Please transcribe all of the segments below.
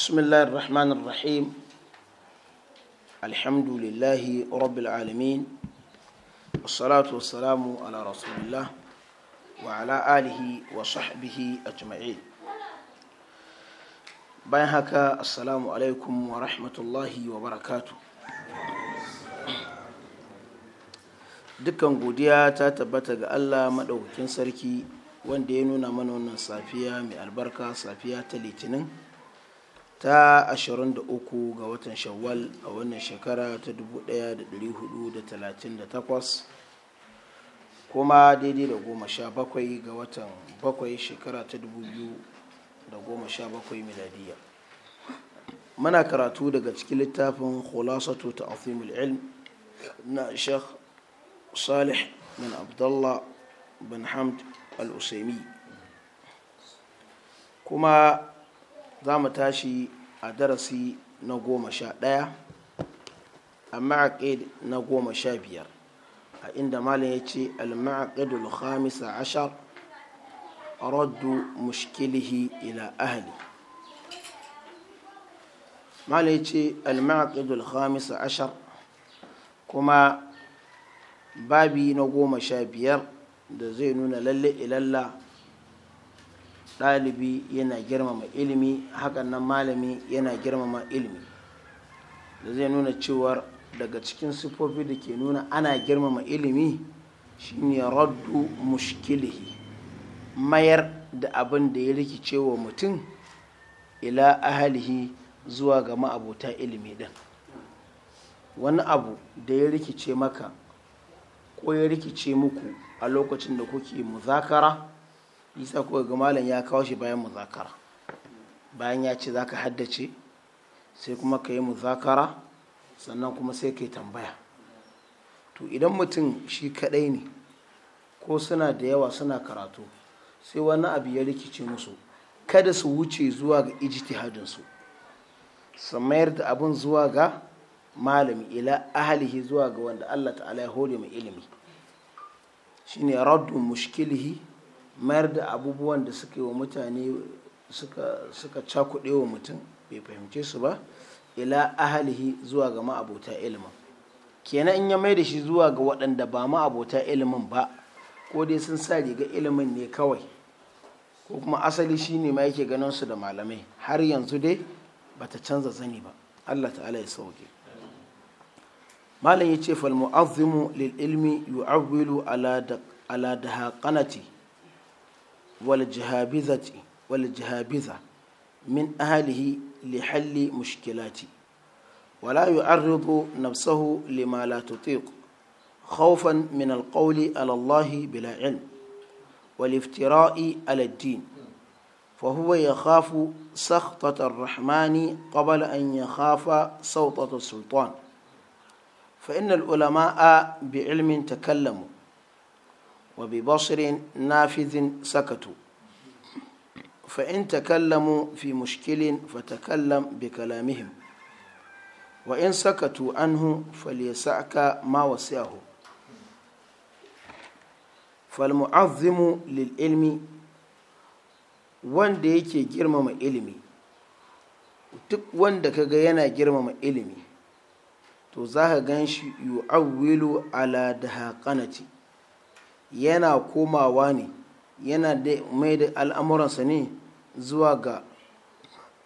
بسم الله الرحمن الرحيم الحمد لله رب العالمين والصلاة والسلام على رسول الله وعلى آله وصحبه أجمعين bayan haka assalamu alaikum wa rahmatullahi wa barakatu dukkan godiya ta tabbata ga allah maɗaukakin sarki wanda ya nuna mana wannan safiya mai albarka safiya ta litinin ta 23 ga watan shawwal a wannan shekara ta 1438 kuma daidai da goma sha bakwai ga watan bakwai shekara ta 2017 miladiya muna karatu daga cikin littafin khulasatu ta azimul ilm na sheikh salih bin abdullah bin hamd al-usaimi kuma za mu tashi a darasi na goma sha ɗaya a ma'aƙid na goma sha biyar a inda malin ya ce al-ma'aƙidul khamisa ashar raddu mushkilihi ila ahli malin ya ce al-ma'aƙidul khamisa ashar kuma babi na goma sha biyar da zai nuna lalle ilalla ɗalibi yana girmama ilimi hakan nan malami yana girmama ilimi da zai nuna cewar daga cikin siffofi da ke nuna ana girmama ilimi shine raddu mushkilihi mayar da abin da ya rikice wa mutum ila ahalihi zuwa ga ma'abuta ilimi din wani abu da ya rikice maka ko ya rikice muku a lokacin da kuke muzakara isa ko ga malam ya kawo shi bayan muzakara bayan ya ce ka haddace sai kuma ka yi muzakara sannan kuma sai ka yi tambaya to idan mutum shi kadai ne ko suna da yawa suna karatu sai wani abu ya rikice musu kada su wuce zuwa ga ijtihadinsu su mayar da abin zuwa ga malami ila ahalihi zuwa ga wanda Allah ta'ala ya hore mai ilimi shine raddun mushkilihi mayar da abubuwan da suke wa mutane suka cakuɗe wa mutum bai fahimce su ba ila ahalihi zuwa ga ma'abota ilimin kenan in ya mai da shi zuwa ga waɗanda ba ma'abota ilimin ba ko dai sun sa riga ilimin ne kawai ko kuma asali shi ne ma yake ganin su da malamai har yanzu dai ba ta canza zani ba allah ta'ala ya sauke malam ya ce fal mu'azzimu lil ilmi yu'awwilu ala da haƙanati والجهابذة والجهابذة من أهله لحل مشكلاتي ولا يعرض نفسه لما لا تطيق خوفا من القول على الله بلا علم والافتراء على الدين فهو يخاف سخطة الرحمن قبل أن يخاف سوطة السلطان فإن العلماء بعلم تكلموا wa bi basirin nafizin sakatu fa in takallamu fi mushkilin fa takallam bi kalamihim wa in sakatu anhu falyasaka ma wasahu fal mu'azzimu lil ilmi wanda yake girmama ilimi duk wanda kaga yana girmama ilimi to za zaka ganshi yu'awwilu ala dahaqanati yana komawa ne yana da mai da al'amuransa ne zuwa ga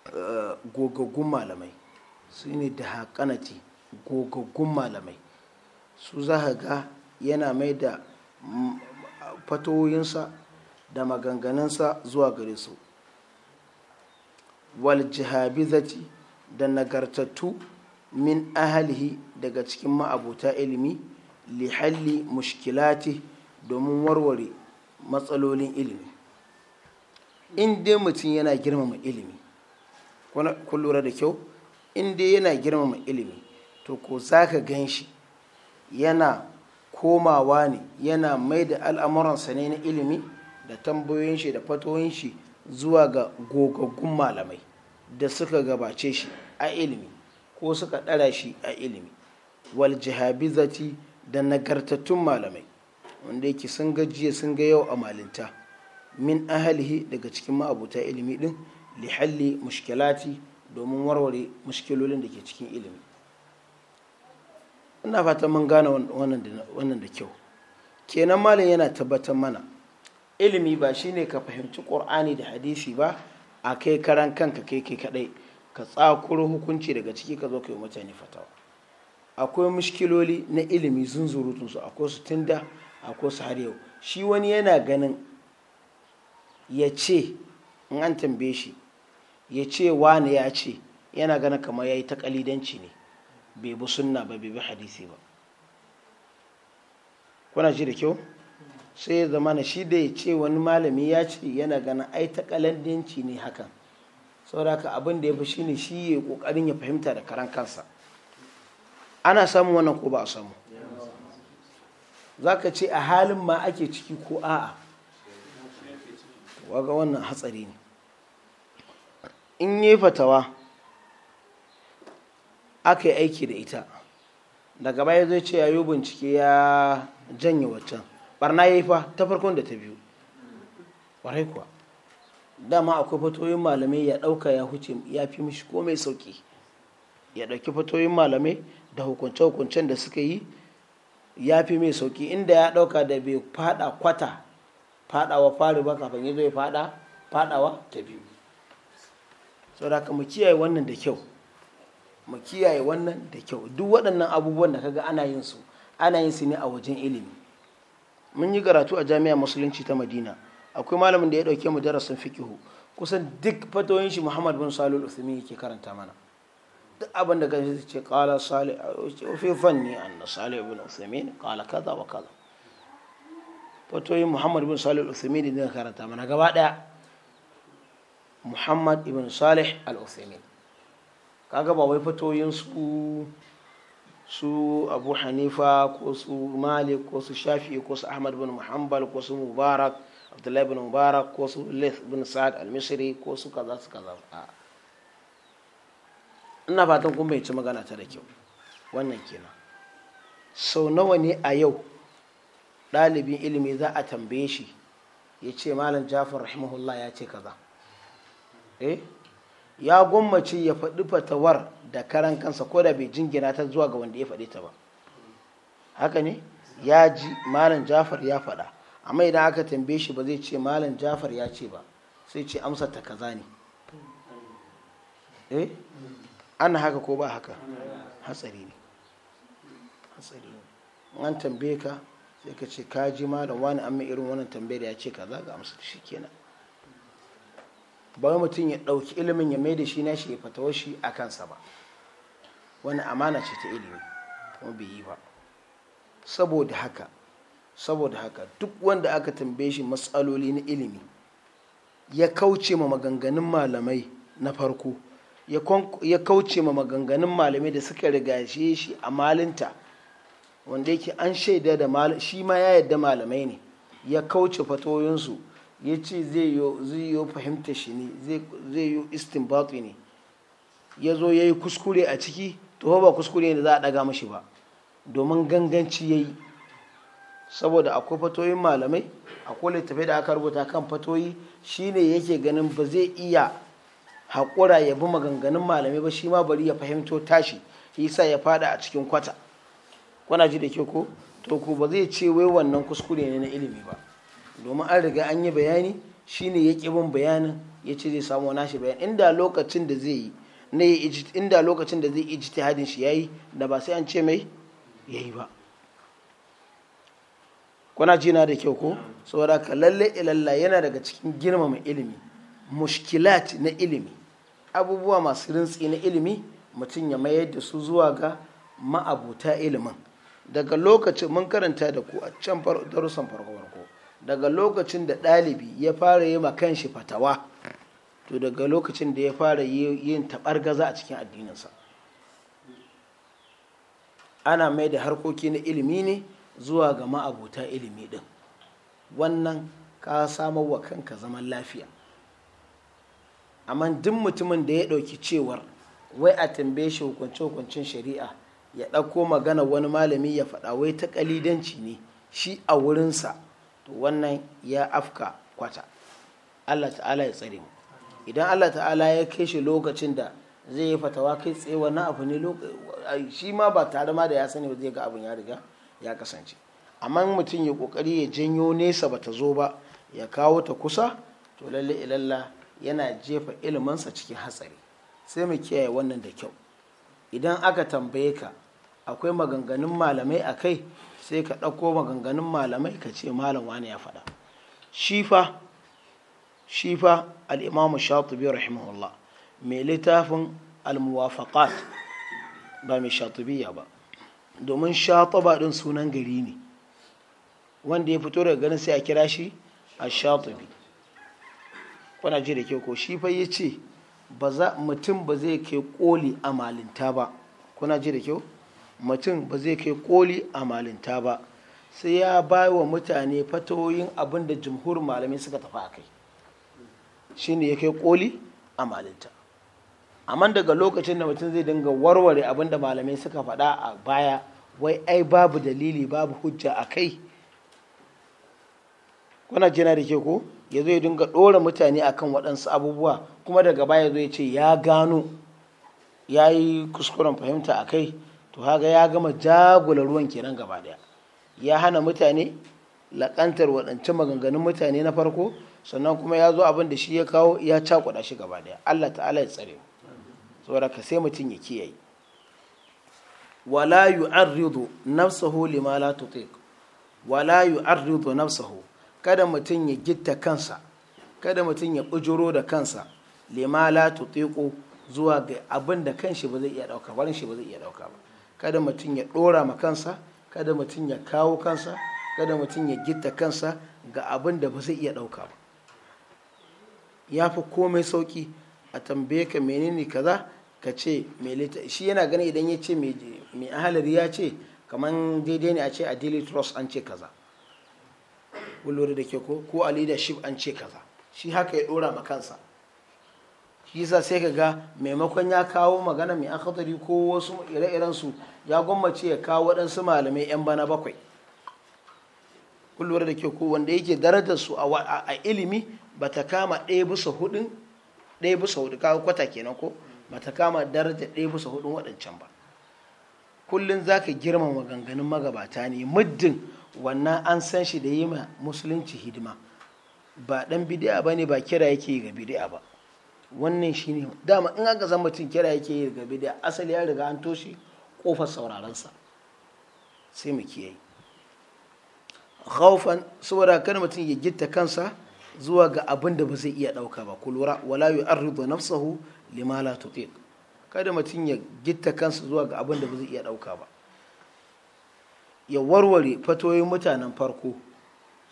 eh, gogaggun malamai su ne da haƙanati gogaggun malamai su za ga yana mai da mm, fatoyinsa da maganganunsa zuwa gare su wal jihabizati da nagartattu min ahalihi daga cikin ma'abuta ilimi li halli mushkilati domin warware matsalolin ilimi in dai mutum yana girmama ilimi kun lura da kyau in dai yana girmama ilimi to ko za ka gan shi yana komawa ne yana mai da al'amuransa ne na ilimi da tambayoyin shi da fatoyin shi zuwa ga gogaggun malamai da suka gabace shi a ilimi ko suka ɗara shi a ilimi wal jihabizati da nagartattun malamai wanda yake sun ga jiya sun ga yau a malinta min ahalihi daga cikin ma'abuta ilimi din li halli mushkilati domin warware mushkilolin da ke cikin ilimi ina fatan mun gane wannan da kyau kenan malin yana tabbatar mana ilimi ba shine ka fahimci qur'ani da hadisi ba a kai karan kanka kai kai kadai ka tsakuro hukunci daga ciki ka zo ka yi mutane fatawa akwai mushkiloli na ilimi zunzurutunsu akwai su tunda da ko su har yau shi wani yana ganin ya ce in an tambaye shi ya ce wani ya ce yana ganin kamar ya yi ta kalidanci ne bai bi sunna ba bai bi hadisi ba kuna ji da kyau sai ya zama na shi da ya ce wani malami ya ce yana ganin ai ta kalidanci ne hakan sauraka abin da ya fi shi ne shi ya kokarin ya fahimta da karan kansa ana samu wannan ko ba a samu za ka ce a halin ma ake ciki ko a'a waga wannan hatsari ne in yi fatawa aka yi aiki da ita daga baya zai ce ya yi bincike ya janye waccan barna ya yi fa ta farkon da ta biyu warai kuwa dama akwai fatoyin malamai ya ɗauka ya huce ya fi mishi komai sauki ya ɗauki fatoyin malamai da hukunce-hukuncen da suka yi ya fi mai sauki inda ya ɗauka da bai fada kwata fadawa fari ba kafin ya zo ya fada fadawa ta biyu saboda mu kiyaye wannan da kyau mu kiyaye wannan da kyau duk waɗannan abubuwan da kaga ana yin su ana yin su ne a wajen ilimi mun yi karatu a jami'a musulunci ta madina akwai malamin da ya ɗauke mu darasin fikihu kusan duk fatoyin shi muhammad bin salul uthmin yake karanta mana duk abin da gaji ce kala salih fi fanni anna salih ibn uthaymin kala kaza wa kaza fatoyin muhammad ibn salih al-uthaymin din karanta mana gaba daya muhammad ibn salih al-uthaymin kaga ba wai fatoyin su su abu hanifa ko su malik ko su Shafi, ko su ahmad ibn muhammad ko su mubarak abdullahi ibn mubarak ko su laith ibn sa'ad al-misri ko su kaza su kaza a'a ina fatan kun bai ci magana ta da kyau wannan kenan sau nawa ne a yau ɗalibin ilimi za a tambaye shi ya ce malam jafar rahimahullah ya ce kaza eh ya gwammace ya faɗi fatawar da karan kansa ko da bai jingina ta zuwa ga wanda ya faɗi ta ba haka ne ya ji malam jafar ya faɗa amma idan aka tambaye shi ba zai ce malam jafar ya ce ba sai ce amsa ta kaza ne eh? ana haka ko ba haka hatsari ne an tambaye ka sai ka ce ka ji malam wani an mai irin wannan da ya ce kaza ga amsa shi kenan ba mutum ya ɗauki ilimin ya mai da shi nashi ya fata shi a kansa ba wani amana ce ta ilimi kuma bai yi ba saboda haka saboda haka duk wanda aka tambaye shi matsaloli na ilimi ya kauce ma maganganun malamai na farko ya kauce ma maganganun malamai da suka rigashe shi a malinta wanda yake an shaida da shi ma ya yadda malamai ne ya kauce fatoyinsu ya ce zai yi fahimta shi ne zai yi istinbatu ne ya zo ya yi kuskure a ciki to ba kuskure ne za a daga mashi ba domin ganganci ya yi saboda akwai fatoyin malamai akwai littafi da aka rubuta kan fatoyi shine yake ganin ba zai iya haƙura ya bi maganganun malamai ba shi ma bari ya fahimto tashi shi yasa ya fada a cikin kwata kuna ji da ke ko to ku ba zai ce wai wannan kuskure ne na ilimi ba domin an riga an yi bayani shine ya ƙi bin bayanin ya ce zai samu nashi bayan inda lokacin da zai yi na inda lokacin da zai shi yayi da ba sai an ce mai yayi ba kuna jina da kyau ko saboda ka lalle ilalla yana daga cikin girmama ilimi mushkilat na ilimi abubuwa masu rintsi na ilimi mutum ya mayar da su zuwa ga ma'abuta ilimin daga lokacin mun karanta da ku a can darussan farko-farko daga lokacin da ɗalibi ya fara yi shi fatawa to daga lokacin da ya fara yin gaza a cikin addininsa ana mai da harkoki na ilimi ne zuwa ga ma'abuta ilimi ɗin wannan ka samar wa kanka zaman lafiya amma duk mutumin da ya ɗauki cewar wai a tambaye shi hukunce hukuncin shari'a ya ɗauko magana wani malami ya faɗa wai ta ƙalidanci ne shi a wurinsa to wannan ya afka kwata Allah ta'ala ya tsare mu idan Allah ta'ala ya kai shi lokacin da zai yi fatawa kai tsaye wannan abu ne shi ma ba tare ma da ya sani ba zai ga abin ya riga ya kasance amma mutum ya kokari ya janyo nesa ba ta zo ba ya kawo ta kusa to lalle ilalla yana jefa iliminsa cikin hatsari sai mu kiyaye wannan da kyau idan aka tambaye ka akwai maganganun malamai a kai sai ka ɗauko maganganun malamai ka ce malam wani ya faɗa shifa shifa al'imamu shatubi rahimahullah mai littafin almuwafaƙat ba mai shatubiya ba domin shatuba ɗin sunan gari ne wanda ya fito daga ganin sai a kira shi a shatubi kuna ji da ke ko shi fa ya ce mutum ba zai kai koli a malinta ba kuna ji da kyau mutum ba zai kai koli a malinta ba sai ya bai wa mutane fatoyin abin da jumhur malamai suka tafi a kai shi ne ya kai koli a malinta amma daga lokacin da mutum zai dinga warware abin da malamai suka faɗa a baya wai ai babu dalili babu hujja a kai kuna jina da ke ko ya zo dinga ɗora mutane akan waɗansu abubuwa kuma daga baya zo ya ce ya gano ya yi kuskuren fahimta a kai to haga ya gama jagula ruwan kenan gaba ɗaya ya hana mutane laƙantar waɗancan maganganun mutane na farko sannan kuma ya zo abin da shi ya kawo ya cakuɗa shi gaba ɗaya allah ta'ala ya tsare saboda ka sai mutum ya kiyaye wala yu'arridu nafsahu lima la tutiq wala yu'arridu nafsahu kada mutum ya gitta kansa kada mutum ya bujuro da kansa lema la tutiqu zuwa ga abin da kanshi ba zai iya dauka ba shi ba zai iya dauka ba kada mutum ya dora ma kansa kada mutum ya kawo kansa kada mutum ya gitta kansa ga abin da ba zai iya dauka ba ya fi komai sauki a tambaye ka menene kaza ka ce me shi yana gani idan ya ce mai ahalari ya ce kamar daidai ne a ce a daily trust an ce kaza wulwuri da ke ko ko a leadership an ce kaza shi haka ya dora ma kansa shi yasa sai ka ga maimakon ya kawo magana mai akhatari ko wasu ire-iren su ya gwammace ya kawo waɗansu malamai 'yan bana bakwai kun da ke ko wanda yake darajar su a ilimi ba ta kama ɗaya bisa hudun ɗaya bisa hudu kawo kwata kenan ko ba ta kama darajar ɗaya bisa hudun waɗancan ba kullum za ka girmama maganganun magabata ne muddin wannan an san shi da yi ma musulunci hidima ba dan bidiya ba ne ba kira yake ga bidiya ba wannan shi ne dama in aka san mutum kira yake yi ga bidiya asali ya riga an toshe kofar saurarensa sai mu kiyaye saboda kar mutum ya gitta kansa zuwa ga abin da ba zai iya ɗauka ba ku lura wala yu'arridu nafsahu lima la tutiq kada mutum ya gitta kansa zuwa ga abin da ba zai iya ɗauka ba ya warware fatoyin mutanen farko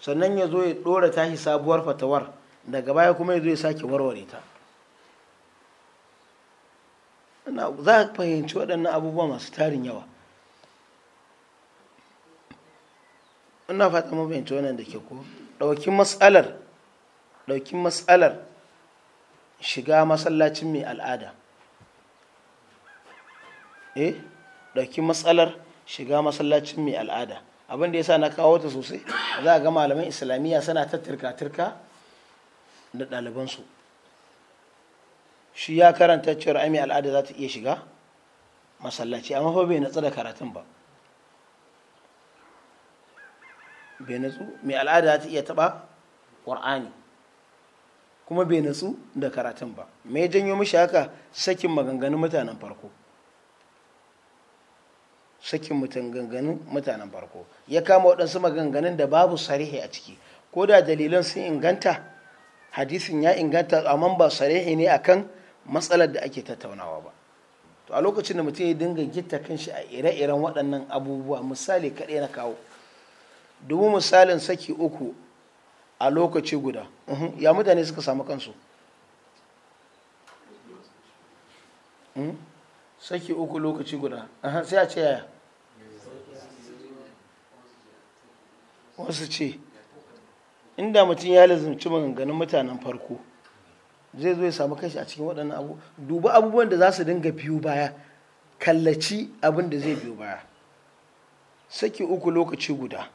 sannan ya zo ya ɗora tashi sabuwar fatawar daga baya kuma ya zo ya sake warware ta za a fahimci waɗannan abubuwa masu tarin yawa ina fata mun fahimci wannan da ke ko ɗaukin matsalar ɗaukin matsalar shiga masallacin mai al'ada eh ɗaukin matsalar shiga masallacin mai al'ada abin da ya sa na kawo ta sosai za a ga malaman islamiyya suna ta turka-turka da ɗalibansu shi ya karanta cewar ami al'ada za ta iya shiga masallaci amma fa bai natsu da karatun ba bai natsu mai al'ada za ta iya taɓa ƙwar'ani kuma bai natsu da karatun ba mai janyo mashi haka sakin maganganun mutanen farko sakin ganganin mutanen farko ya kama waɗansu maganganun da babu sarihi a ciki ko da dalilan sun inganta hadisin ya inganta amma ba sarihi ne akan matsalar da ake tattaunawa ba to a lokacin da mutum ya dinga gitta kanshi a ire-iren waɗannan abubuwa misali kaɗai na kawo dubu misalin saki uku a lokaci guda ya mutane suka samu kansu hmm? saki uku lokaci guda sai a ce yaya wasu ce inda mutum ya lazimci maganganun mutanen farko zai zo ya samu kashi a cikin waɗannan abu duba abubuwan da za su dinga biyu baya kallaci abin da zai biyu baya saki uku lokaci guda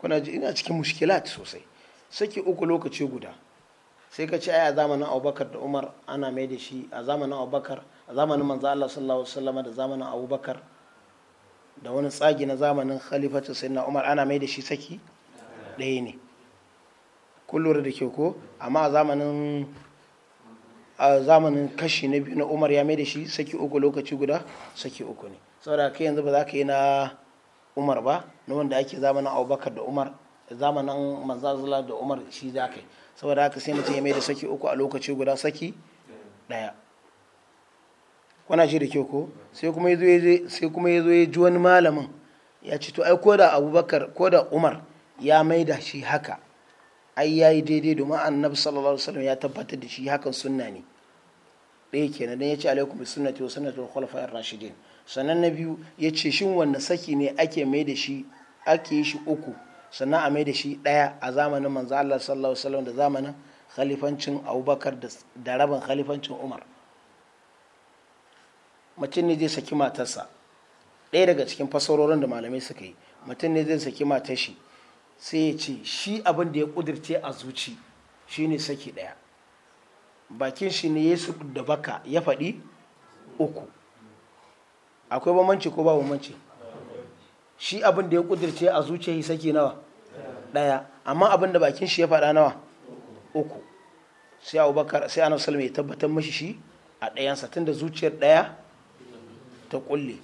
kuna ji ina cikin mushkilat sosai saki uku lokaci guda sai ka ce aya a zamanin abubakar da umar ana mai da shi a zamanin abubakar a zamanin manzo allah sallallahu alaihi wasallam da zamanin abubakar da wani tsagi na zamanin khalifatu sai na umar ana mai da shi saki ɗaya ne kullum da ke ko amma a zamanin kashi na biyu na umar ya mai da shi saki uku lokaci guda saki uku ne saboda kai yanzu ba za ka yi na umar ba na wanda ake zamanin abubakar da umar zamanin manzazula da umar shi za ka yi saboda haka sai mutum ya mai da saki uku a lokaci guda saki ɗaya kwana shi da kyau ko sai kuma ya zo sai kuma ya zo ya ji wani malamin ya ce to ai ko da abubakar ko umar ya maida shi haka ai ya yi daidai domin annabi sallallahu alaihi wasallam ya tabbatar da shi hakan sunna ne ɗaya kenan dan ya ce alaikum sunnati wa sunnati khulafa'ir rashidin sannan na biyu ya ce shin wanne saki ne ake maida shi ake yi shi uku sannan a mai da shi ɗaya a zamanin manzo Allah sallallahu alaihi wasallam da zamanin khalifancin Abubakar da rabin khalifancin Umar mutum ne zai saki matarsa ɗaya daga cikin fasarorin da malamai suka yi mutum ne zai saki matar shi sai ya ce shi abin da ya kudirce a zuci shine saki ɗaya bakin shi ne yesu da baka ya faɗi uku akwai bambanci ko ba bambanci shi abin da ya kudirce a zuci ya saki nawa ɗaya amma abin da bakin shi ya faɗa nawa uku sai abubakar sai annabi sallallahu ya tabbatar mashi shi a ɗayansa tunda zuciyar ɗaya ta kulle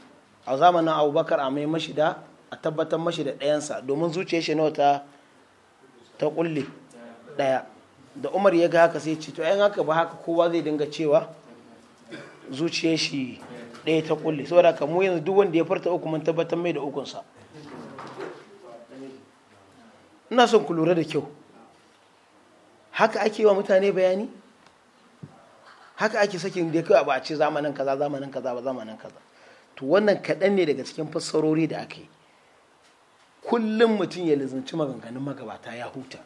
a zamanin abubakar a mai mashi da a tabbatar mashi da ɗayansa domin zuciya shi nawa ta ta kulle ɗaya da umar ya ga haka sai ce to ayan haka ba haka kowa zai dinga cewa zuciya shi ɗaya ta kulle saboda haka mu yanzu duk wanda ya farta uku mun tabbatar mai da ukunsa ina son ku lura da kyau haka ake wa mutane bayani haka ake sakin da ya kawai ba a ce zamanin kaza zamanin kaza ba zamanin kaza to wannan kaɗan ne daga cikin fassarori da aka yi kullum mutum ya lizanci maganganun magabata ya huta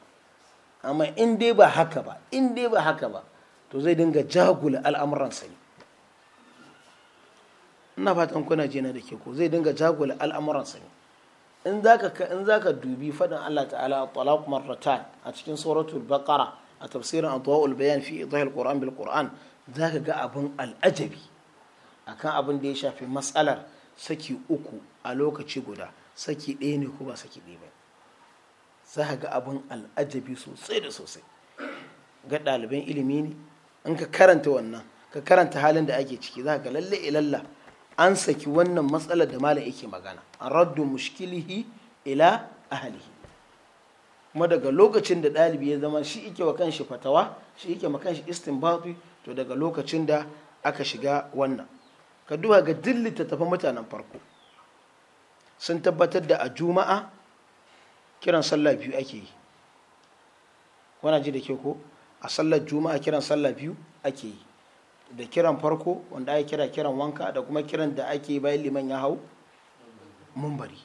amma in dai ba haka ba in dai ba haka ba to zai dinga jagula al'amuransa ne ina fatan kuna jina da ke ko zai dinga jagula al'amuransa ne in za ka dubi faɗin Allah ta'ala talaq marratan a cikin suratul baqara a tafsirin adwaul bayan fi idahil qur'an bil qur'an zaka ga abin al'ajabi akan abin da ya shafi matsalar saki uku a lokaci guda saki ɗaya ne ko ba saki ɗaya ba za ka ga abin al'ajabi sosai da sosai ga ɗaliban ilimi ne in ka karanta wannan ka karanta halin da ake ciki za ka lalle ilalla an saki wannan matsalar da malam yake magana an raddu mushkilihi ila ahlihi kuma daga lokacin da ɗalibi ya zama shi ike wa kanshi fatawa shi ike ma kanshi istinbati to daga lokacin da aka shiga wannan ka duba ga duk tafi mutanen farko sun tabbatar da a juma'a kiran sallah biyu ake yi wana ji da ke ko a sallar juma'a kiran sallah biyu ake yi da kiran farko wanda ake kira kiran wanka da kuma kiran da ake bayan liman ya hau mumbari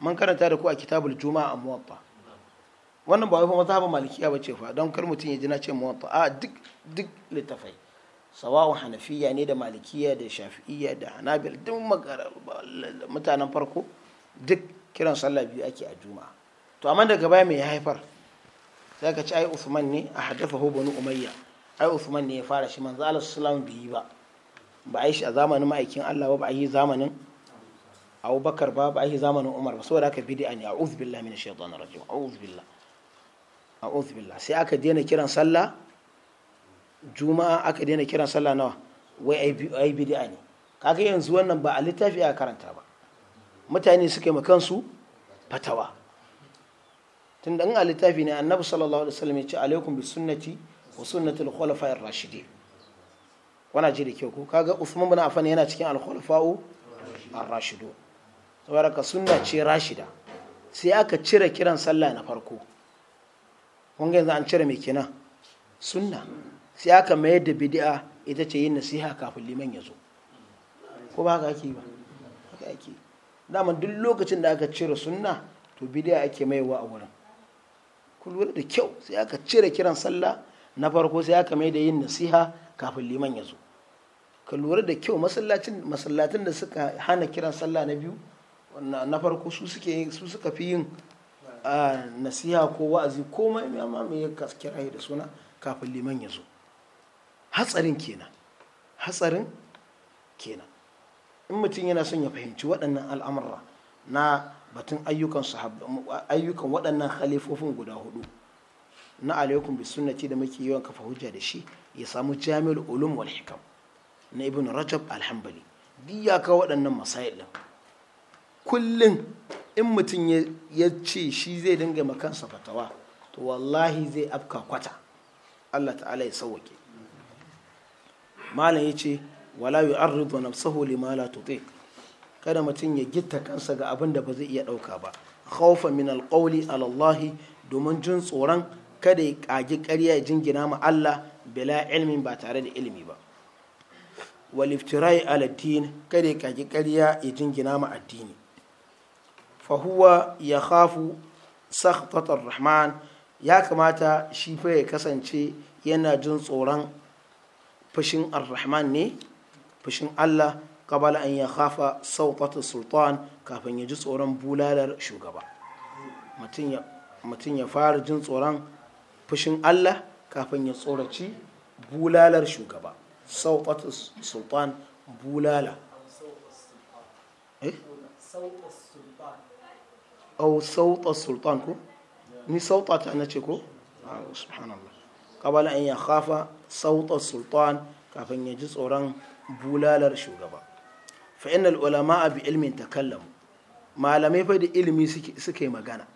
man karanta da ku a kitabul juma'a a muwatta wannan ba wai fa mazhabin malikiya ba ce fa don kar mutum ya ji na ce muwatta a duk duk littafai sawa'un hanafiya ne da malikiya da shafi'iya da hanabil duk mutanen farko duk kiran sallah biyu ake a juma'a to amma daga baya mai ya haifar sai ka ci ai usman ne a haddafa banu umayya ai usman ne ya fara shi manzo Allah sallallahu alaihi ba ba a yi shi a zamanin ma'aikin Allah ba ba a yi zamanin Abubakar ba ba a yi zamanin Umar ba saboda haka bid'a ne a'udhu billahi minash shaitanir rajim a'udhu billahi a'udhu billahi sai aka daina kiran sallah juma'a aka daina kiran sallah nawa wai ai bid'a ne kaga yanzu wannan ba a littafi a karanta ba mutane suke ma kansu fatawa tun da a littafi ne annabi sallallahu alaihi wasallam ya ce alaikum bi sunnati wa sunnatul khulafa'ir rashidin wana ji da kyau ko kaga Usman bin Affan yana cikin al-khulafa'u ar rashidu tabaraka ka sunna ce rashida sai aka cire kiran sallah na farko kun yanzu an cire mai kenan sunna sai aka mayar da bid'a ita ce yin nasiha kafin liman ya zo ko ba haka ake ba haka ake dama duk lokacin da aka cire sunna to bid'a ake maiwa a wurin ku lura da kyau sai aka cire kiran sallah na farko sai aka mai da yin nasiha kafin liman ya zo ka lura da kyau masallacin masallatin da suka hana kiran sallah na biyu na farko su suke su suka fi yin ah, nasiha ko wa'azi ko mai ya kira da suna kafin liman ya zo hatsarin kenan hatsarin kenan in mutum yana son ya fahimci waɗannan al'amurra na batun ayyukan ayyukan waɗannan halifofin guda hudu na alaikum bi sunnati da muke yawan kafa hujja da shi ya samu jami'ul ulum wal hikam na ibn rajab alhambali duk ya kawo waɗannan masail din kullum in mutum ya ce shi zai dinga makansa fatawa to wallahi zai afka kwata Allah ta'ala ya sauwake malam ya ce wala yu arridu nafsahu limala la tutiq kada mutum ya gitta kansa ga abin da ba zai iya ɗauka ba haufa min alkawali alallahi domin jin tsoron kada ya ƙagi ƙarya ya jingina ma Allah bila ilmin ba tare da ilimi ba waliftirai aladdin kada ya kagi karya ya jingina ma addini fahuwa ya khafu sakhtatar rahman ya kamata shi fa ya kasance yana jin tsoron fushin ar ne fushin Allah qabala an ya khafa sauqatu sultan kafin ya ji tsoron bulalar shugaba mutum ya fara jin tsoron fushin Allah kafin ya tsoraci bulalar shugaba sauqatu sultan bulala eh au sauta sultan ko ni sauta ta nace ko ah, subhanallah qabala an ya khafa sautar sultan kafin ya ji tsoron bulalar shugaba fa ulama a bi ilmin takallamu malamai fa da ilimi suke magana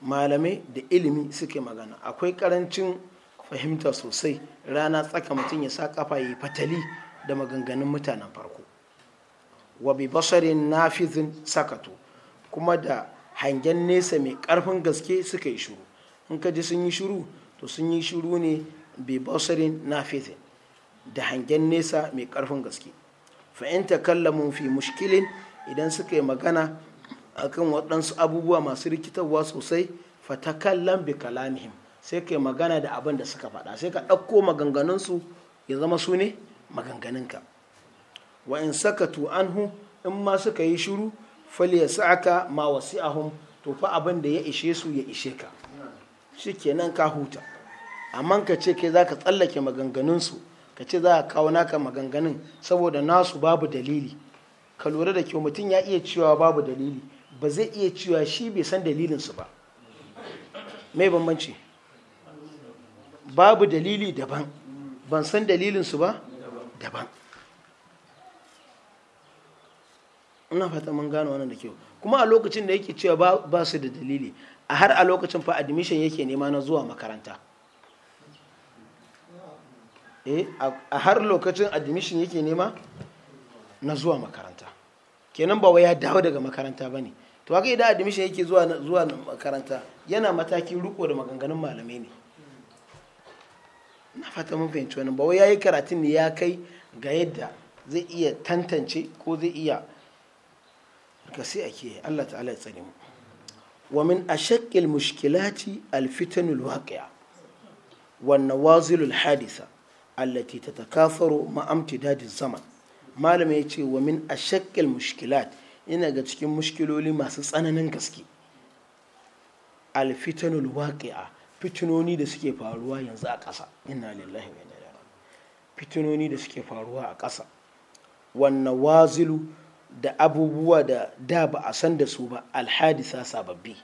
malamai da ilimi suke magana akwai karancin fahimta sosai rana tsaka mutum ya sa kafa yi fatali da maganganun mutanen farko wa bi basarin nafizin sakato kuma da hangen nesa mai karfin gaske suka yi shuru in ka ji sun yi shuru to sun yi shuru ne bi na nafithin da hangen nesa mai karfin gaske fahimta takallamu fi mushkilin idan suka yi magana akan waɗansu abubuwa masu rikitarwa sosai fatakallan bi kalamihim sai ka yi magana da abin da suka faɗa sai ka ɗauko maganganunsu ya zama su ne maganganunka wa in saka anhu in ma suka yi shiru fali ya sa'aka ma wasi'ahum to fa abin da ya ishe su ya ishe ka shi kenan ka huta amma ka ce kai za ka tsallake maganganunsu ka ce za ka kawo naka maganganun saboda nasu babu dalili ka lura da kyau mutum ya iya cewa babu dalili ba zai iya cewa shi bai san dalilinsu ba mai bambanci babu dalili daban ban san dalilinsu ba daban ina fata mun gano wannan da kyau kuma a lokacin da yake cewa ba su da dalili a har a lokacin fa admission yake nema na zuwa makaranta eh a har lokacin admission yake nema na zuwa makaranta kenan ba ya dawo daga makaranta ba ne to haka idan admission yake zuwa zuwa makaranta yana mataki riko da maganganun malamai ne na fata mun fahimci wannan ba wai yayi karatun ne ya kai ga yadda zai iya tantance ko zai iya ka sai ake Allah ta'ala ya tsare mu wa min ashaqqil mushkilati al fitanul waqi'a wan nawazilul hadisa allati ta takafaru ma'amti dadin zaman malam ya ce wa min ashakkil mushkilat ina ga cikin mushkiloli masu tsananin gaske alfitanul waqi'a fitinoni da suke faruwa yanzu a ƙasa inna lillahi wa inna ilaihi fitinoni da suke faruwa a ƙasa wannan wazilu da abubuwa da da ba a san da su ba alhadisa sababbi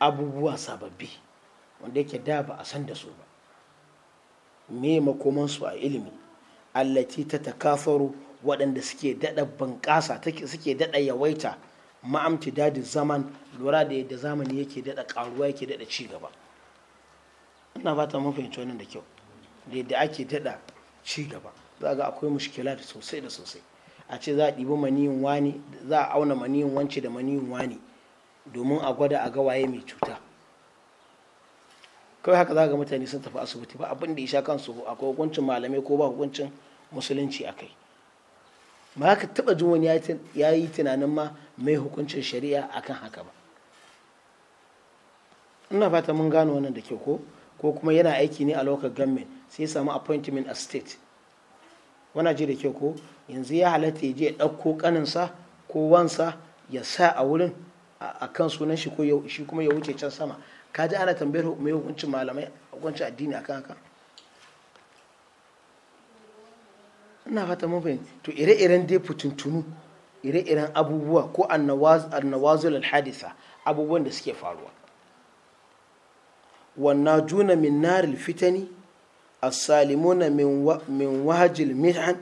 abubuwa sababbi wanda yake da ba a san da su ba me su a ilimi allati ta takafaru waɗanda suke daɗa bunƙasa suke daɗa yawaita ma'amti dadi zaman lura da yadda zamani yake daɗa ƙaruwa yake daɗa ci gaba ina fata mun fahimci da kyau da yadda ake daɗa cigaba. gaba za ga akwai mushkila da sosai da sosai a ce za a ɗibi maniyin wani za a auna maniyin wance da maniyin wani domin a gwada a ga waye mai cuta kawai haka zaga mutane sun tafi asibiti ba abin da ya sha kansu akwai hukuncin malamai ko ba hukuncin musulunci a kai ba ka taba jin wani ya yi tunanin ma mai hukuncin shari'a akan haka ba ina fata mun gano wannan da ke ko ko kuma yana aiki ne a local government sai ya samu appointment a state wana ji da ke ko yanzu ya halatta ya je ya ɗauko ƙaninsa ko wansa ya sa a wurin a kan sunan shi ko shi kuma ya wuce can sama ka ji ana tambayar mai hukuncin malamai hukuncin addini akan haka ina fata mun fahimci to ire-iren dai fitintunu ire-iren abubuwa ko annawazul alhadisa abubuwan da suke faruwa Wannan juna min naril fitani as-salimuna min wahajil mihan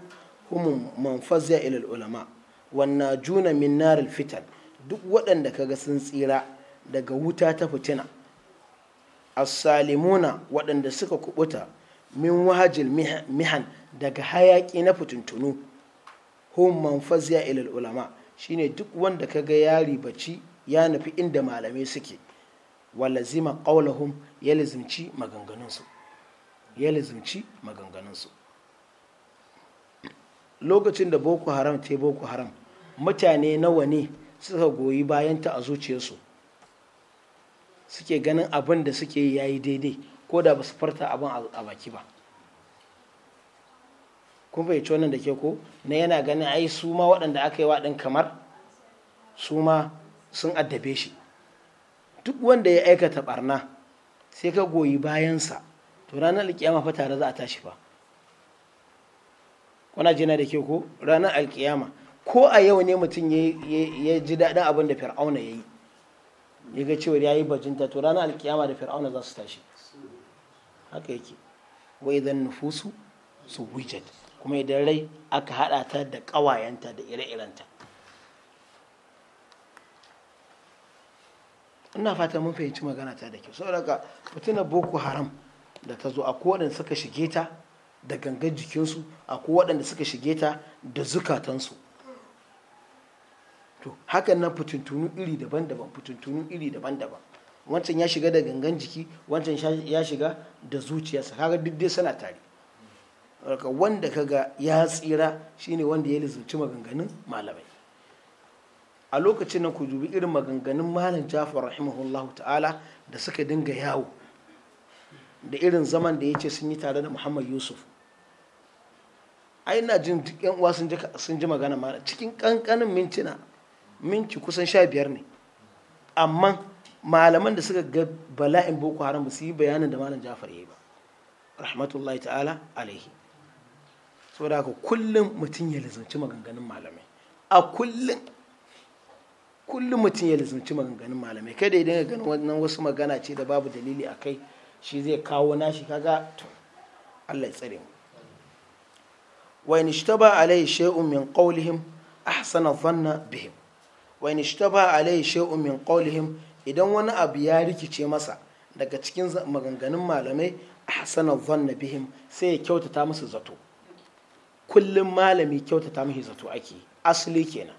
hum man a ila ulama Wannan juna min naril fitan duk waɗanda kaga sun tsira daga wuta ta fitina as-salimuna waɗanda suka kubuta min wahajil mihan daga hayaƙi na fitintunu hun man ilal ulama shine duk wanda ka ga yari bacci ya nufi inda malamai suke walazima qaulahum ya lizimci ya maganganunsu lokacin da boko haram te boko haram mutane nawa ne suka goyi bayanta a zuciyarsu suke ganin abin da suke yi yayi daidai ko da ba su farta abin a baki ba kun fahimci wannan da ke ko na yana ganin ai su ma waɗanda aka yi waɗin kamar su ma sun addabe shi duk wanda ya aikata barna sai ka goyi bayansa to ranar alkiyama fa tare za a tashi ba. kuna jina da ke ko ranar alkiyama ko a yau ne mutum ya ji daɗin abin da fir'auna ya yi ya ga cewar ya yi bajinta to ranar alkiyama da fir'auna za su tashi haka yake wai zan nufusu su wujad kuma idan rai aka haɗa ta da ƙawayenta da ire-irenta ina fata mun fahimci magana ta da kyau saboda fitinar boko haram da ta zo a kowaɗanda suka shige ta da gangan jikinsu a waɗanda suka shige ta da zukatansu to hakan nan fitintunu iri daban-daban fitintunu iri daban-daban wancan ya shiga da gangan jiki wancan ya shiga da zuciyarsa kaga duk dai suna tare wanda kaga ya tsira shine wanda ya lizunci maganganun malamai a lokacin na ku dubi irin maganganun malam jafar rahimahullahu ta'ala da suka dinga yawo da irin zaman da ya ce sun yi tare da muhammad yusuf ai na jin duk yan uwa sun ji magana cikin kankanin mintuna minti kusan sha biyar ne amma malaman da suka ga bala'in boko haram ba su yi bayanin da malam jafar yi ba rahmatullahi ta'ala alaihi da aka kullum mutum ya lizanci maganganun malamai a kullum kullum mutum ya lizanci maganganun malamai kada ya ga ganin wannan wasu magana ce da babu dalili a kai shi zai kawo nashi kaga to Allah ya tsare mu wa in ishtaba alai shay'un min qawlihim ahsana dhanna bihim wa in ishtaba alai shay'un min qawlihim idan wani abu ya rikice masa daga cikin maganganun malamai ahsana dhanna bihim sai ya kyautata musu zato kullum malami kyautata mishi zato ake asali kenan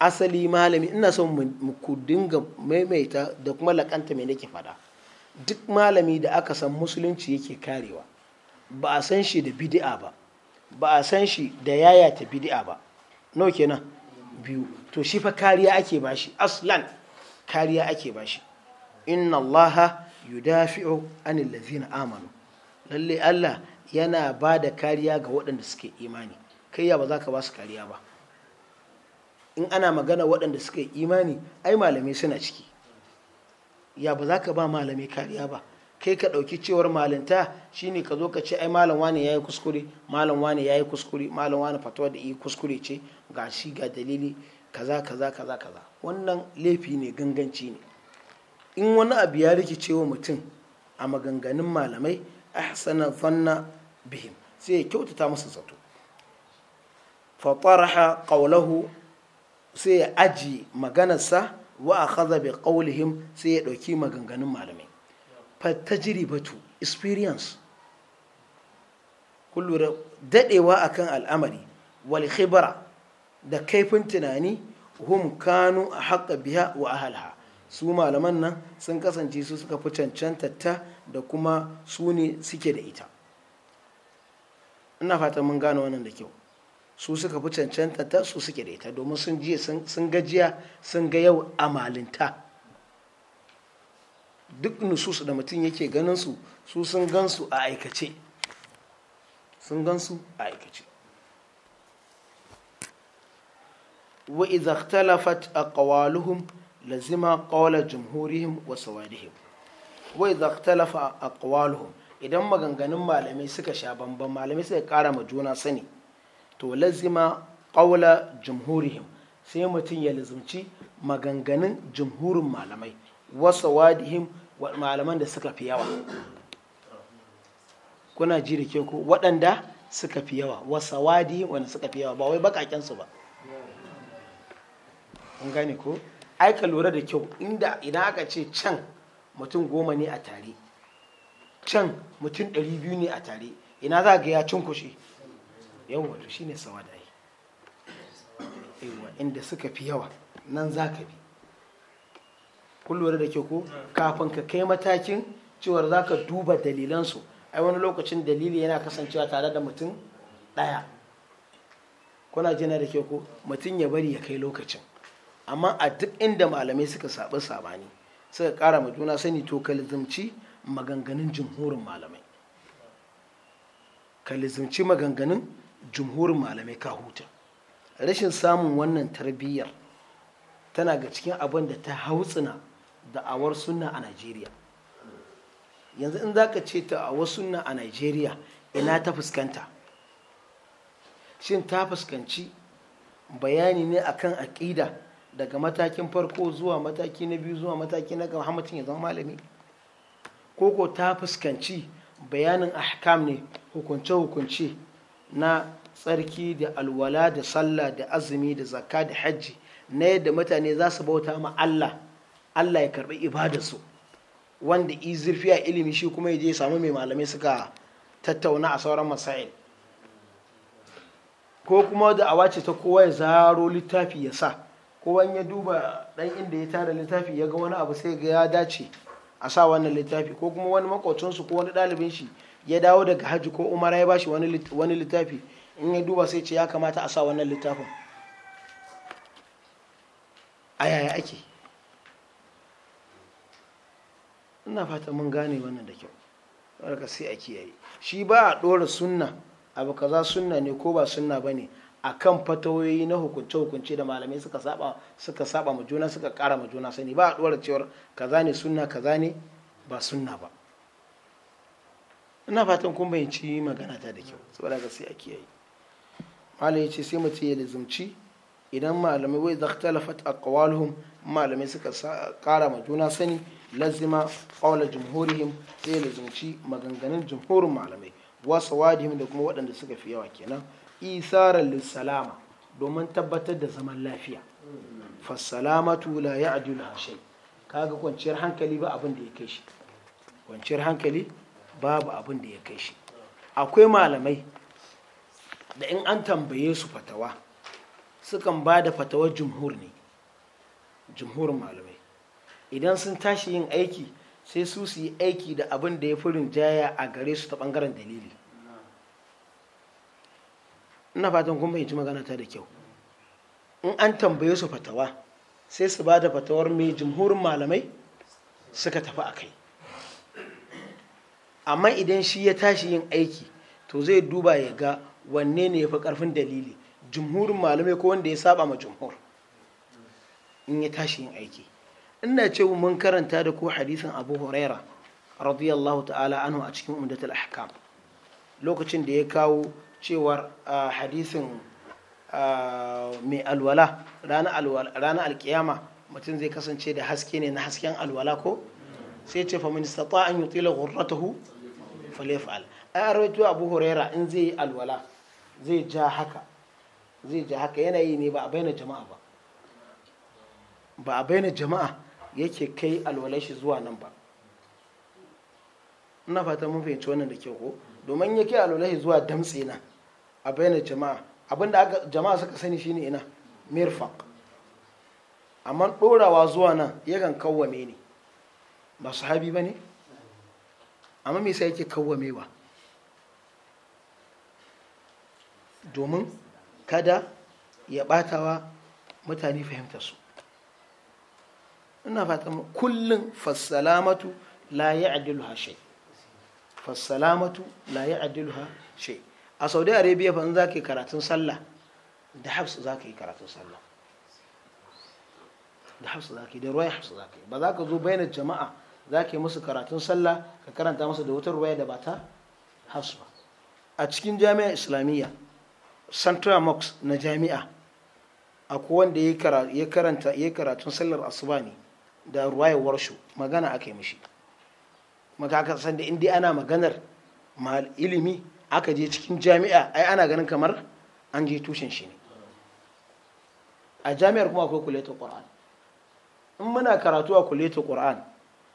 asali malami ina son ku dinga maimaita da kuma lakanta mai nake fada duk malami da aka san musulunci yake karewa ba a san shi da bid'a ba ba a san shi da yayata bid'a ba nau kenan biyu to shi fa kariya ake bashi aslan kariya ake bashi inna allaha yudafi'u anil ladzina amanu lalle Allah yana ba da kariya ga waɗanda suke imani kai ya ba za ka ba su kariya ba in ana magana waɗanda suke imani ai malamai suna ciki ya ba za ka ba malamai kariya ba kai ka ɗauki cewar malinta shine ka zo ka ce ai malam wani yayi kuskure malam wani yayi kuskure malam wani fatuwa da yi kuskure ce ga shi ga dalili kaza kaza kaza kaza wannan laifi ne ganganci ne in wani abu ya rikice wa mutum a maganganun malamai ahsana fanna bihim sai ya kyautata masa zato fataraha qawlahu sai ya aji maganarsa wa akhadha bi qawlihim sai ya dauki maganganun malamai fatajribatu experience kullu dadewa akan al'amari wal khibra da kaifin tunani hum kanu a haƙa biya wa ahalha su malaman nan sun kasance su suka fi cancanta ta da kuma su ne suke da ita ina fatan mun gane wannan da kyau su suka fi cancanta ta su suke da ita domin sun jiya sun gajiya sun ga yau amalinta duk nususu da mutum yake ganin su su sun gansu a aikace sun gansu a aikace wa talafat a aqwaluhum lazima qawla jumhurihim wasu sawadihim wa idza a aqwaluhum idan maganganun malamai suka sha bambam, malamai suka kara ma juna sani to lazima qawla jumhurihim sai mutum ya lazumci maganganun jumhurin malamai Wasu sawadihim wa malaman da suka fi yawa kuna ji da ke ko waɗanda suka fi yawa Wasu sawadihim wanda suka fi yawa ba wai bakakensu ba kun gane ko ai ka lura da kyau inda idan aka ce can mutum goma ne a tare can mutum ɗari biyu ne a tare ina za ga ya cunkushe yawa to shine sawada ai inda suka fi yawa nan za ka bi kun lura da kyau ko kafin ka kai matakin cewar za ka duba dalilansu ai wani lokacin dalili yana kasancewa tare da mutum ɗaya kuna jina da kyau ko mutum ya bari ya kai lokacin amma a duk inda malamai suka saɓi sabani suka ƙara ma juna sani to kalizimci maganganun jumhurin malamai ka lizimci maganganun jumhurin malamai ka huta rashin samun wannan tarbiyyar tana ga cikin abin da ta hautsina da'awar sunna a najeriya yanzu in za ka ce da'awar sunna a najeriya ina ta fuskanta shin ta fuskanci bayani ne akan aƙida daga matakin farko zuwa mataki na biyu zuwa mataki na gaba hamacin ya zama malami koko ta fuskanci bayanin ahkam ne hukunce-hukunce na tsarki da alwala da sallah da azumi da zakka da hajji na yadda mutane za su bauta ma Allah Allah ya karɓi ibadarsu wanda izirfi a ilimi shi kuma ya je samu mai malamai suka tattauna a sauran masail ko kuma da awace ta kowa ya zaro littafi ya sa kowa ya duba dan inda ya tara littafi ya ga wani abu sai ga ya dace a sa wannan littafi ko kuma wani makocinsu ko wani ɗalibin shi ya dawo daga hajji ko umara ya bashi wani littafi in ya duba sai ce ya kamata a sa wannan littafin a yaya ake ina fata mun gane wannan da kyau sai a kiyaye shi ba a ɗora sunna abu kaza sunna ne ko ba sunna ba ne a kan fatawoyi na hukunce-hukunce da malamai suka saba suka saba ma juna suka kara ma juna sani ba a ɗora cewar kaza ne sunna kaza ne ba sunna ba ina fatan kun bayanci magana ta da kyau saboda ga sai a kiyaye malam ya ce sai mace ya lizumci idan malamai wai zaktalafat aqwaluhum malamai suka kara ma juna sani lazima qawla jumhurihim sai ya lizumci maganganun jumhurin malamai wasu wadihim da kuma waɗanda suka fi yawa kenan isarar lissalama domin tabbatar da zaman lafiya fassalamatu la ya'dul hashay kaga kwanciyar hankali ba abin da ya kai shi kwanciyar hankali babu abin da ya kai shi akwai malamai da in an tambaye su fatawa sukan ba da fatawar jumhur ne jumhurin malamai idan sun tashi yin aiki sai su su yi aiki da abin da ya fi rinjaya a gare su ta bangaren dalili ina fatan kun fahimci magana ta da kyau in an tambaye su fatawa sai su ba da fatawar mai jimhurin malamai suka tafi a kai amma idan shi ya tashi yin aiki to zai duba ya ga wanne ne ya fi karfin dalili jumhurin malamai ko wanda ya saba ma jimhur in ya tashi yin aiki ina ce mun karanta da ku hadisin abu huraira radiyallahu ta'ala anhu a cikin umdatul ahkam lokacin da ya kawo cewar hadisin mai alwala ranar alkiyama mutum zai kasance da haske ne na hasken alwala ko sai ce fa minista ta an yi tila gurratahu falefal a yarwaito abu horera in zai yi alwala zai ja haka zai ja haka yanayi ne ba a bayyana jama'a ba ba a bayyana jama'a yake kai alwala shi zuwa nan ba ina fata mun fahimci wannan da ke ko domin ya kai alwala shi zuwa damtse nan a bayyana jama'a abinda aka jama'a suka sani shine ina mirfaq amma ɗorawa zuwa nan yakan kawwame ne ba sahabi ba ne amma me sai yake kawwamewa domin kada ya ɓatawa mutane fahimta su ina fata kullum fassalamatu la ya'diluha fassalamatu la ya'diluha a saudi arabia fa in za ka yi karatun sallah da hafsu za ka yi karatun sallah da hafsu za ka yi da ruwan hafsu za ka yi ba za ka zo bayanar jama'a za ka yi musu karatun sallah ka karanta musu da wutar ruwaya da ba ta hafsu ba a cikin jami'a islamiyya central mox na jami'a akwai wanda ya karanta ya karatun sallar asuba ne da ruwayar warshu magana aka yi mishi maka aka san da indi ana maganar ilimi aka je cikin jami'a ai ana ganin kamar an je tushen shi ne a jami'ar kuma akwai kuletar ƙoran in muna karatu a kuletar ƙoran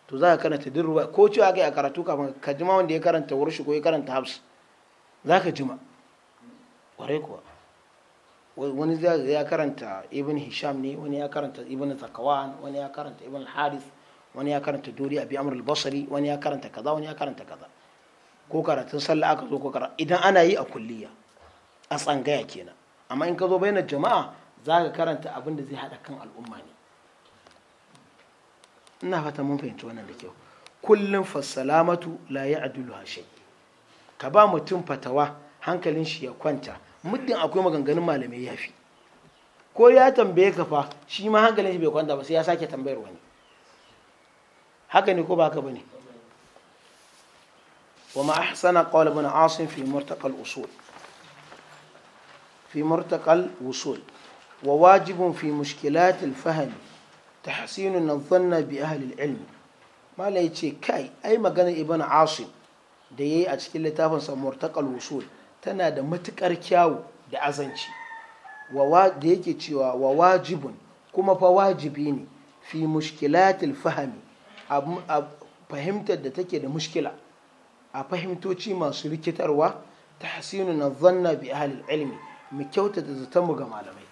to za ka karanta ruwa? ko cewa yi a karatu kafin ka jima wanda ya karanta wurshi ko ya karanta hafs za ka jima ƙware kuwa wani ya karanta ibn hisham ne wani ya karanta ibn zakawan wani ya karanta ibn haris wani ya karanta duri a amr albasari basri wani ya karanta kaza wani ya karanta kaza ko karatun sallah aka zo ko karatu idan ana yi a kulliya a tsangaya kenan amma in ka zo bayanar jama'a za ka karanta abin da zai haɗa kan al'umma ne ina fata mun fahimci wannan da kyau kullum fassalamatu la ya adulu hashe ka ba mutum fatawa hankalin shi ya kwanta muddin akwai maganganun malamai ya fi ko ya tambaye ka fa shi ma hankalin shi bai kwanta ba sai ya sake tambayar wani haka ne ko ba haka ba ne وما أحسن قول ابن عاصم في مرتقى الأصول في مرتقى الوصول وواجب في مشكلات الفهم تحسين الظن بأهل العلم ما لا يتي كاي أي مغانا ابن عاصم da ya yi a cikin littafinsa murtakal wusul tana da matukar kyawu da azanci da yake cewa wa wajibin kuma fa wajibi ne fi mushkilatil fahami fahimtar da take da mushkila a fahimtoci masu rikitarwa ta hasinu na zanna bi ahalil ilmi mu kyautata mu ga malamai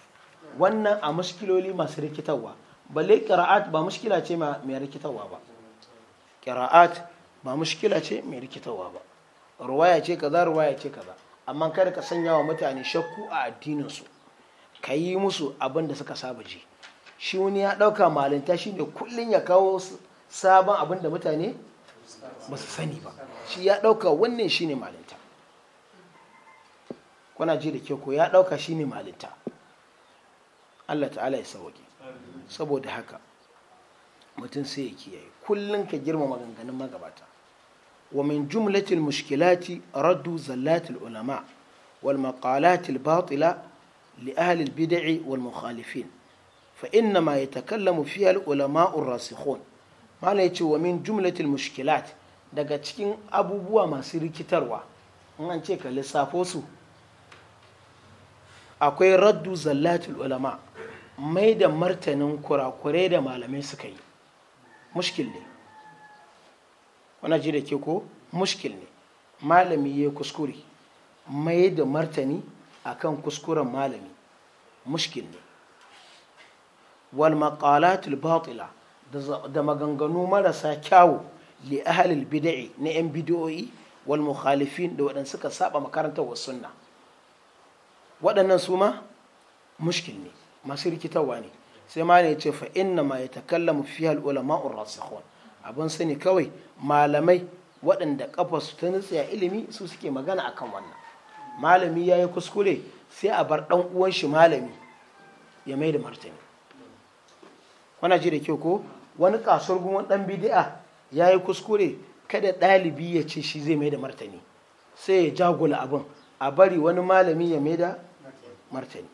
wannan a muskiloli masu rikitarwa balle ƙira'at ba muskila ce mai rikitarwa ba ƙira'at ba muskila ce mai rikitarwa ba ruwaya ce kaza ruwaya ce kaza amma kada ka sanya wa mutane shakku a addininsu ka yi musu abin da suka saba ji shi wani ya ɗauka malinta shine kullum ya kawo sabon abin da mutane ba su sani ba shi ya ɗauka wannan shi ne malinta kuna ji da ke ko ya ɗauka shi ne malinta allah ta'ala ya sauke saboda haka mutum sai ya kiyaye kullum ka girma maganganun magabata wa min jumlatil mushkilati raddu zallatil ulama wal maqalatil batila li ahli al bid'i wal mukhalifin fa inna ma yatakallamu fiha al ulama ar rasikhun mala ya ce wa min jumlatil mushkilat daga cikin abubuwa masu rikitarwa in an ce ka lissafo su akwai raddu zallatul ulama mai da martanin kurakurai da malamai suka yi mushkil ne wana ji da ke ko mushkil ne malami ya kuskure mai da martani akan kuskuren malami mushkil ne wal maqalatul batila da maganganu marasa kyawu li ahalil bida'i na yan bid'o'i wal mukhalifin da waɗanda suka saba makarantar wa sunna waɗannan su ma mushkil ne masu rikitarwa ne sai ma ne ce fa inna ma yatakallamu fiha al ulama ar rasikhun abin sani kawai malamai waɗanda kafa su ta nutse ilimi su suke magana akan wannan malami yayi kuskure sai a bar ɗan uwan shi malami ya mai da martani kuna ji da kyau ko wani kasuwar gumon dan bidi'a ya yi kuskure kada ɗalibi ya ce shi zai mai da martani sai ya jagula abin a bari wani malami ya mai da martani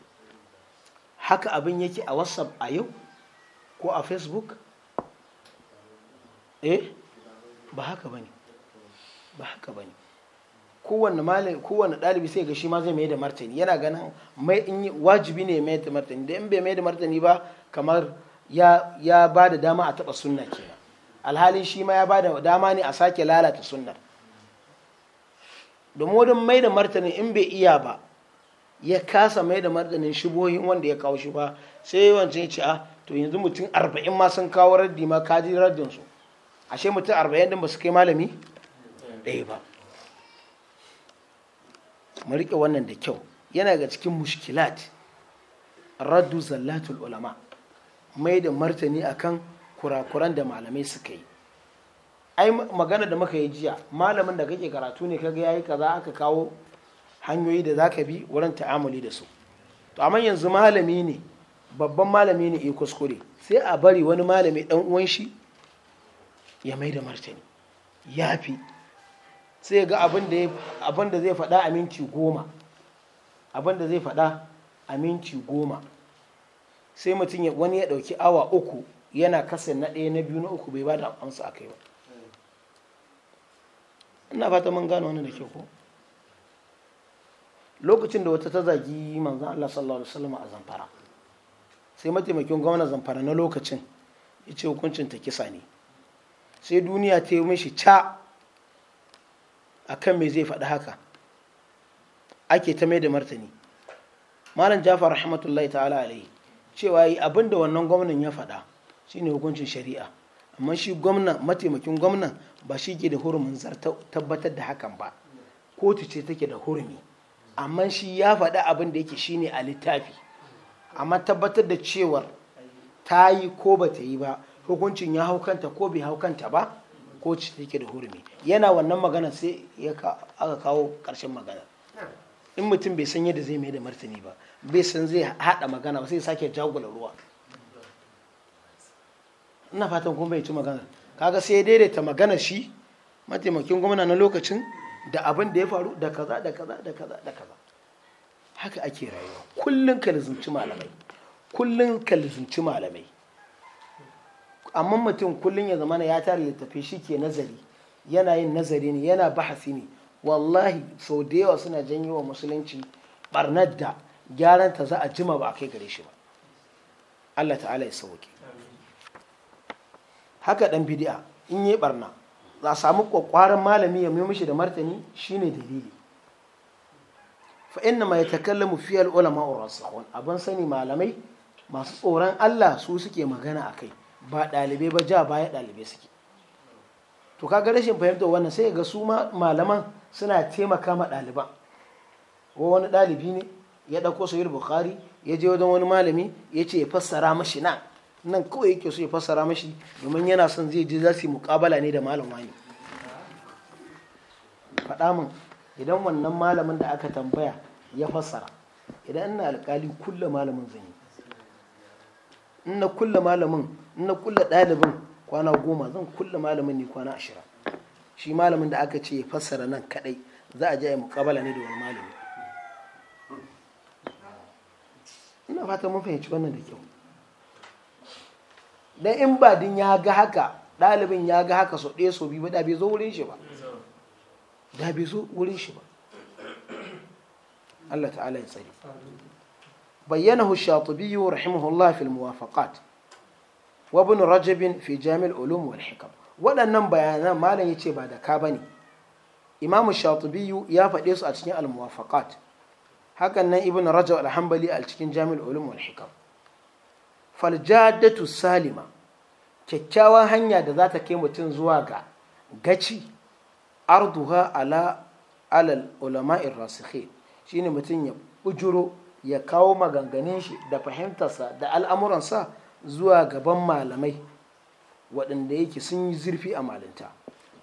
haka abin yake a whatsapp a yau ko a facebook eh ba haka ne ba haka ba ne kowane dalibi sai ga shi ma zai mai da martani yana ganin wajibi ne mai da martani da in bai mai da martani ba kamar ya ba da dama a taɓa sunna ke alhalin shi ma ya ba da dama ne a sake lalata sunnar domin wajen mai da martanin in bai iya ba ya kasa mai da martanin shubohin wanda ya kawo shi ba sai wancan ya ce a ah, to yanzu mutum arba'in ma sun kawo raddi ma kaji raddin su ashe mutum arba'in din ba su kai malami ɗaya ba mu riƙe wannan da kyau yana ga cikin mushkilat raddu zallatul ulama' mai da martani akan kurakuran da malamai suka yi ai magana da muka yi jiya malamin da kake karatu ne kaga yayi kaza aka kawo hanyoyi da zaka bi wurin ta'amuli da su to amma yanzu malami ne babban malami ne ya kuskure sai a bari wani malami dan uwan shi ya mai da martani ya fi sai ga abin da zai faɗa a goma abin da zai faɗa a minti goma sai mutum ya wani ya ɗauki awa uku yana kasa na ɗaya na biyu na uku bai ba da amsa a kai ba ina fata mun gano wani da ke ko lokacin da wata ta zagi manzan Allah sallallahu alaihi wasallam a zamfara sai mataimakin gwamna zamfara na lokacin ya ce hukuncin ta kisa ne sai duniya ta yi mishi ca a kan me zai faɗi haka ake ta mai da martani malam jafar rahmatullahi ta'ala alaihi cewa yi abin da wannan gwamnan ya faɗa shine hukuncin shari'a amma shi gwamna mataimakin gwamnan ba shi ke da hurumin zarta tabbatar da hakan ba kotu ce take da hurumi amma shi ya faɗa abin da yake shine a littafi amma tabbatar da cewar ta yi ko ba ta yi ba hukuncin ya hau kanta ko bai hau kanta ba ko ce take da hurumi yana wannan magana sai aka kawo ƙarshen magana in mutum bai san yadda zai mai da martani ba bai san zai haɗa magana ba sai sake jagula ruwa ina fatan kuma bai ci magana kaga sai daidaita magana shi mataimakin gwamna na lokacin da abin da ya faru da kaza da kaza da kaza da kaza haka ake rayuwa kullum ka lizunci malamai kullum ka lizunci malamai amma mutum kullum ya zamana ya tare ya tafi shi ke nazari yana yin nazari ne yana bahasi ne wallahi sau da yawa suna janyo wa musulunci barnar da gyaran ta za a jima ba a kai gare shi ba Allah ta'ala ya sauke haka dan bid'a in yi barna za a samu kwakwaran malami ya mishi da martani shine dalili fa inna ma yatakallamu fi al ulama ur-rasikhun aban sani malamai masu tsoron Allah su suke magana akai ba ɗalibai ba ja baya ɗalibai suke to kaga rashin fahimtar wannan sai ga su malaman suna taimaka ma ɗaliba. Ko wani ɗalibi ne ya ɗauko sahih bukhari ya je wajen wani malami ya ce ya fassara mashi na. nan kawai yake so ya fassara mashi domin yana son zai je za su yi muƙabala ne da malam wani faɗa min idan wannan malamin da aka tambaya ya fassara idan ina alƙali kulle malamin zan yi in kulle malamin ina ɗalibin kwana goma zan kulle malamin ne kwana ashirin shi malamin da aka ce fassara nan kadai za a je a muƙabala ne da wani malami ina fata mun fahimci wannan da kyau dan in ba din ya ga haka dalibin ya ga haka so ɗaya so biyu ba da bai zo wurin shi ba da bai zo wurin shi ba Allah ta'ala ya tsari bayyanahu shatibi rahimahullah fil muwafaqat wa ibn rajab fi jami' al-ulum wal hikam waɗannan bayanan malam ya ce ba da ka ba ne imamu shatubiyu ya faɗe su a cikin almuwafaƙat hakan nan ibn rajab alhambali a cikin jami'ul ulum wal hikam faljadatu salima kyakkyawan hanya da za ta kai mutum zuwa ga gaci arduha ala alal ulama'ir shi shine mutum ya bujuro ya kawo maganganun shi da fahimtarsa da al'amuransa zuwa gaban malamai waɗanda yake sun yi zurfi a malinta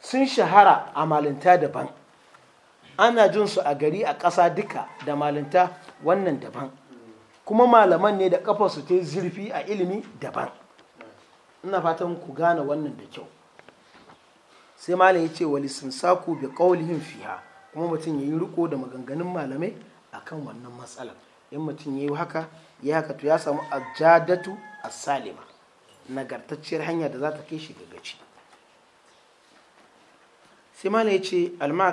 sun shahara a malinta daban ana jin su a gari a ƙasa duka da malinta wannan daban kuma malaman ne da ƙafa su ta zurfi a ilimi daban ina fatan ku gane wannan da kyau sai malam ya ce wali sun sa ku bi ƙaulihin fiha kuma mutum ya yi riko da maganganun malamai a kan wannan matsalar in mutum ya yi haka ya haka to ya samu ajadatu as-salima nagartacciyar hanya da za ta kai shi ga gaci sai mala ya ce alma